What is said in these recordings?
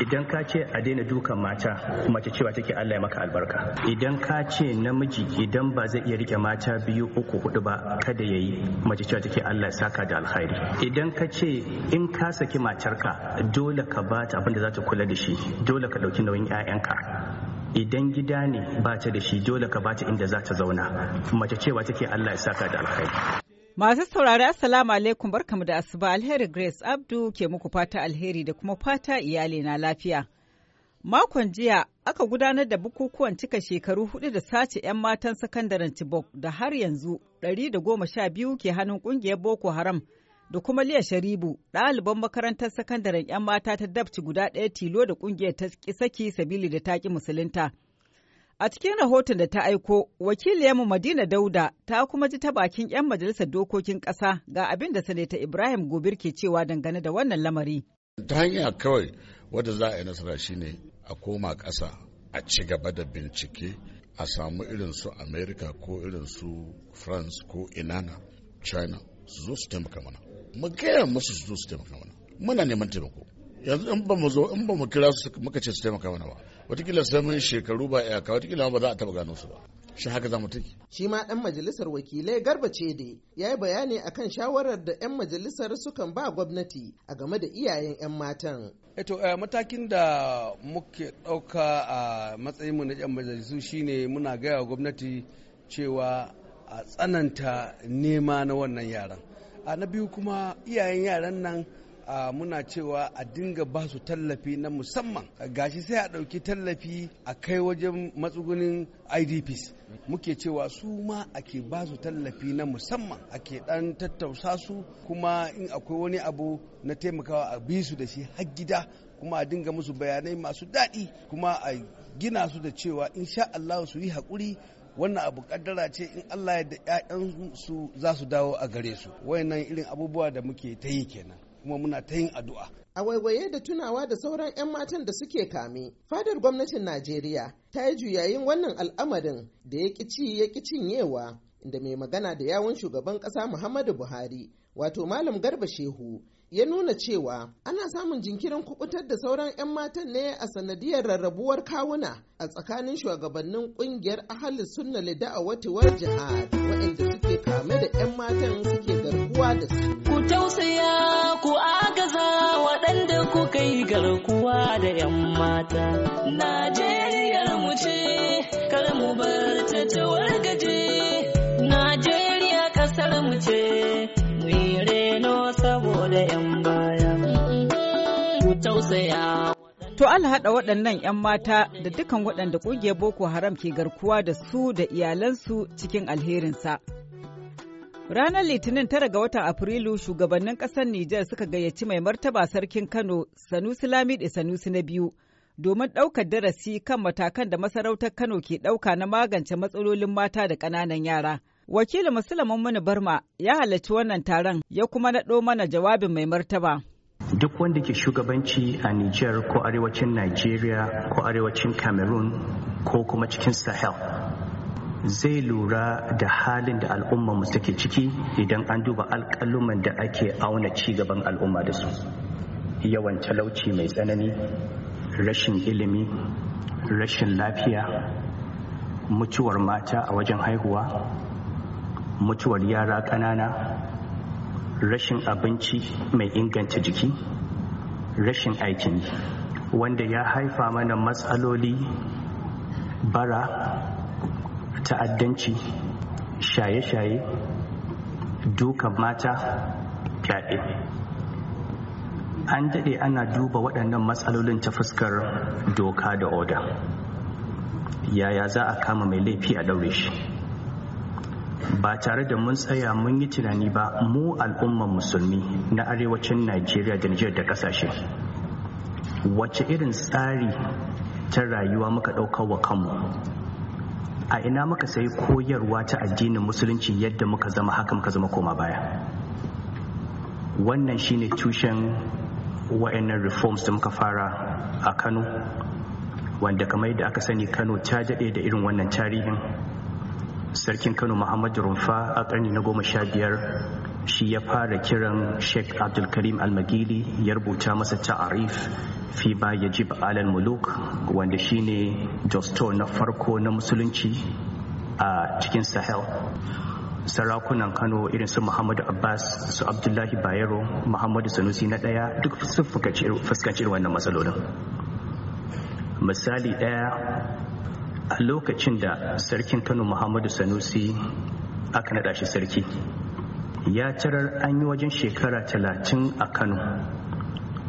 idan ka ce a daina dukan mata mace cewa take Allah ya maka albarka idan ka ce namiji idan ba zai iya rike mata biyu uku hudu ba kada yayi mace cewa take Allah ya saka da alkhairi idan ka ce in ka saki matarka dole ka ba ta abin da za ta kula da shi dole ka dauki nauyin ƴaƴanka idan gida ne ba ta da shi dole ka ba ta inda za ta zauna mace cewa take Allah ya saka da alkhairi Masu saurari Assalamu alaikum barkamu da asuba alheri Grace Abdu ke muku fata alheri da kuma fata iyali na lafiya. Makon jiya aka gudanar da bukukuwan cika shekaru hudu da sace 'yan matan sakandaren Chibok da har yanzu 112 ke hannun kungiyar Boko Haram da kuma Liya Sharibu ɗaliban makarantar sakandaren 'yan mata ta dabci guda ɗaya tilo da kungiyar ta saki sabili da taƙi musulunta. A cikin rahoton da ta aiko, wakiliyarmu Madina Dauda ta kuma ji ta bakin 'yan majalisar dokokin ƙasa ga abin da Sanata Ibrahim Gobir ke cewa dangane da wannan lamari. Ta hanya kawai wadda za a yi nasara shi ne a koma ƙasa a ci gaba da bincike a samu irin su ko irin France ko Inana China su zo su taimaka mana. Mu gaya musu su zo su taimaka mana. Muna neman taimako. yanzu in ba mu zo in ba mu kira su muka ce su taimaka mana ba watakila sai mun shekaru ba iyaka watakila ba za a taba gano su ba shi haka za mu take shi ma dan majalisar wakilai garba ce da ya yi bayani akan shawarar da yan majalisar sukan ba gwamnati a game da iyayen yan matan eto eh eh, matakin da muke ɗauka a matsayin mu na yan majalisu shine muna gaya wa gwamnati cewa a tsananta nema na wannan yaran a na biyu kuma iyayen yaran nan muna cewa a dinga ba su tallafi na musamman gashi sai a ɗauki tallafi a kai wajen matsugunin idps muke cewa su ma ake ba su tallafi na musamman ake ɗan tattausa su kuma in akwai wani abu na taimakawa a bi su da shi har gida kuma a dinga musu bayanai masu daɗi kuma a gina su da cewa insha Allah su yi haƙuri wannan abu kaddara ce in Allah ya da 'ya'yansu za su dawo a gare su wayannan irin abubuwa da muke ta yi kenan kuma muna ta yin addu'a. A waiwaye da tunawa da sauran 'yan matan da suke kame, fadar gwamnatin Najeriya ta yi juyayin wannan al'amarin da ya ci ya cinyewa, da mai magana da yawon shugaban ƙasa Muhammadu Buhari, wato Malam Garba Shehu, ya nuna cewa ana samun jinkirin kuɓutar da sauran 'yan matan ne a sanadiyar rarrabuwar kawuna a tsakanin shugabannin ƙungiyar ahalin sunna lida a watuwar jihar waɗanda suke kame da 'yan matan suke garkuwa da su. Ku tausaya ku agaza waɗanda ku kai garkuwa da 'yan mata. Najeriya mu ce, kar mu bar ta ta wargaje. Najeriya ƙasar mu ce, mu yi reno saboda 'yan baya. Ku tausaya To an haɗa waɗannan 'yan mata da dukan waɗanda ƙungiyar Boko Haram ke garkuwa da su da iyalansu cikin alherinsa. Ranar Litinin tara ga watan Afrilu shugabannin ƙasar Nijar suka gayyaci mai martaba sarkin Kano Sanusi da Sanusi na biyu domin ɗaukar darasi kan matakan da masarautar Kano ke ɗauka na magance matsalolin mata da ƙananan yara. Wakilin Musulman Muni Barma ya halarci wannan taron ya kuma naɗo mana jawabin mai martaba. Duk wanda ke shugabanci a Nijar ko arewacin Najeriya ko arewacin Cameroon ko kuma cikin Sahel zai lura da halin da al'umma mu take ciki idan an duba alƙaluman da ake auna ci gaban al'umma da su yawan talauci mai tsanani rashin ilimi rashin lafiya mutuwar mata a wajen haihuwa mutuwar yara ƙanana rashin abinci mai inganta jiki rashin aikin wanda ya haifa mana matsaloli bara ta'addanci shaye-shaye dukan mata fyaɗe an daɗe ana duba waɗannan matsalolin ta fuskar doka da oda yaya za a kama mai laifi a ɗaure shi ba tare da mun tsaya mun yi tunani ba mu al'umman musulmi na arewacin najeriya da nijar da ƙasashe wace irin tsari ta rayuwa muka ɗaukar wa kanmu a ina muka sayi koyarwa ta addinin musulunci yadda muka zama haka muka zama koma baya wannan shine tushen wa'annan reforms da muka fara a kano wanda kamar yadda aka sani kano ta jade da irin wannan tarihin sarkin kano muhammadu rumfa a karni na goma sha biyar shi ya fara kiran sheikh abdulkarim almagili ya rubuta masa ta'arif fi ba ya jib alal muluk wanda shine josto na farko na musulunci a cikin sahel sarakunan kano irin su muhammadu abbas su abdullahi bayero muhammadu sanusi na ɗaya duk su fuskanci wannan matsalolin misali ɗaya a lokacin da sarkin kano muhammadu sanusi aka naɗa shi sarki ya cirar an yi wajen shekara talatin a kano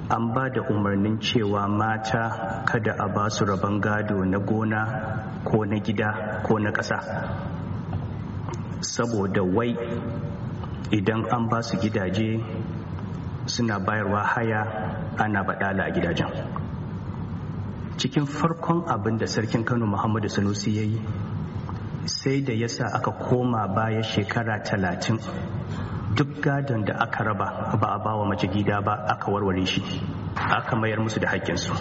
an ba da umarnin cewa mata kada a ba su rabon gado na gona ko na gida ko na ƙasa saboda wai idan an ba su gidaje suna bayarwa haya ana baɗala a gidajen cikin farkon abin da sarkin kano muhammadu sanusi ya yi sai da ya sa aka koma baya shekara talatin duk gadon da aka raba ba a bawa mace gida ba aka warware shi aka mayar musu da haƙƙinsu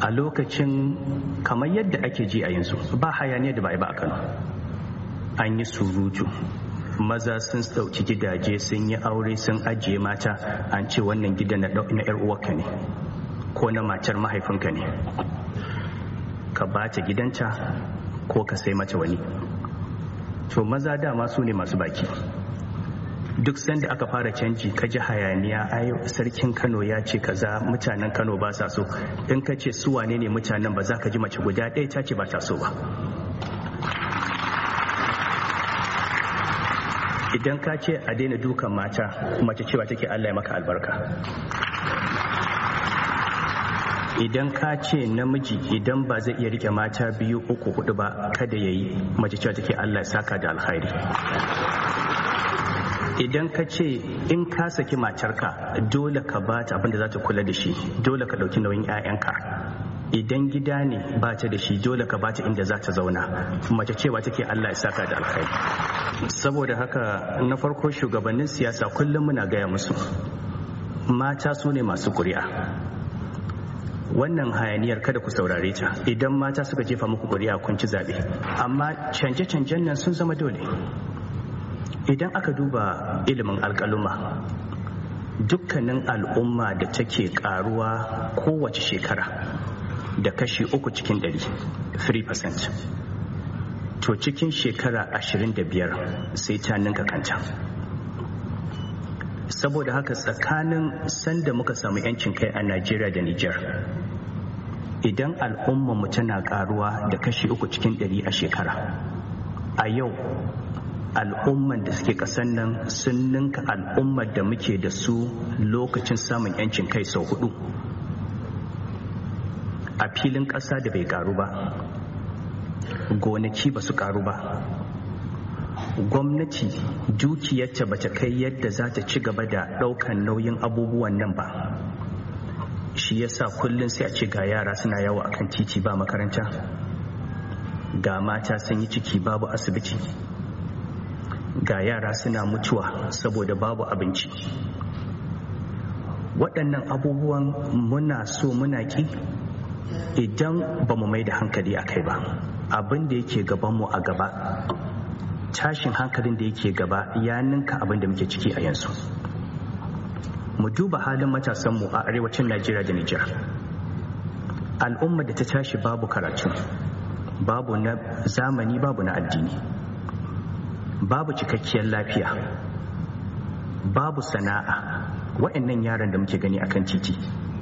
a lokacin kamar yadda ake ji a yanzu ba ne da ba a yi ba a kano an yi surutu maza sun sauki gidaje sun yi aure sun ajiye mata an ce wannan gida na yar uwarka ne ko na matar mahaifinka ne ka bata gidanta ko ka sai mace wani to maza dama su ne masu baki duk sanda aka fara canji ka ji hayaniya ai sarkin kano ya ce kaza mutanen kano ba sa so in ka ce su wane ne mutanen ba za ka ji mace guda ɗaya ta ce ba ta so ba idan ka ce a daina dukan mata mace cewa take allah ya maka albarka idan ka ce namiji idan ba zai iya rike mata biyu uku hudu ba kada ya yi mace cewa take allah saka da alkhairi idan ka ce in ka saki matarka dole ka ba ta abinda za ta kula da shi dole ka ɗauki nauyin 'ya'yanka idan gida ne ba ta da shi dole ka bata inda za ta zauna mace cewa take Allah ya saka da alkhairi saboda haka na farko shugabannin siyasa kullum muna gaya musu mata su ne masu kuri'a wannan hayaniyar kada ku saurare ta idan mata suka jefa muku ƙuri'a kun ci zaɓe amma canje-canjen nan sun zama dole idan aka duba ilimin alkaluma. dukkanin al'umma da take ƙaruwa kowace shekara da kashi uku cikin ɗari 3% to cikin shekara 25 sai ta ninka kanta saboda haka tsakanin sanda muka samu 'yancin kai a najeriya da niger idan al'umma mu tana karuwa da kashi uku cikin ɗari a shekara a yau al'umman da suke kasan nan sun ninka al'ummar da muke da su lokacin samun 'yancin kai sau hudu a filin ƙasa da bai karu ba gonaki ba su karu ba gwamnati dukiyarta bata kai yadda za ta ci gaba da ɗaukan nauyin abubuwan nan ba shi yasa kullum sai a ce ga yara suna yawo a kan titi ba makaranta ga mata sun yi ciki babu asibiti ga yara suna mutuwa saboda babu abinci waɗannan abubuwan muna so muna ki idan ba mu mai da hankali a kai ba abin da yake gabanmu a gaba tashin hankalin da yake gaba ya ninka abin da muke ciki a yanzu mu duba halin matasanmu a arewacin najeriya da nijar Al'umma da ta tashi babu karatu babu na zamani babu na addini babu cikakkiyar lafiya babu sana'a wa'annan yaran da muke gani akan titi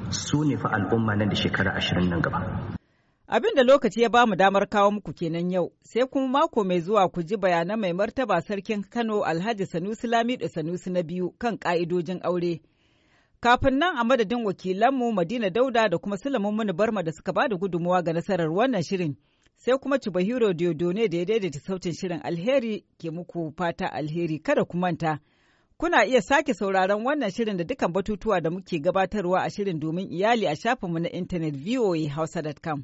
su ne fa al'umma nan da shekara ashirin nan gaba Abin da lokaci ya bamu damar kawo muku kenan yau, sai kuma mako mai zuwa ku ji bayanan mai martaba sarkin Kano Alhaji Sanusi Lamido Sanusi na biyu kan ka'idojin aure. Kafin nan a madadin wakilanmu Madina Dauda da kuma Sulaiman Muni Barma da suka bada gudummawa ga nasarar wannan shirin, sai kuma Cibahiro Diodone da ya daidaita sautin shirin alheri ke muku fata alheri kada ku manta. Kuna iya sake sauraron wannan shirin da dukkan batutuwa da muke gabatarwa a shirin domin iyali a shafinmu na intanet voahausa.com.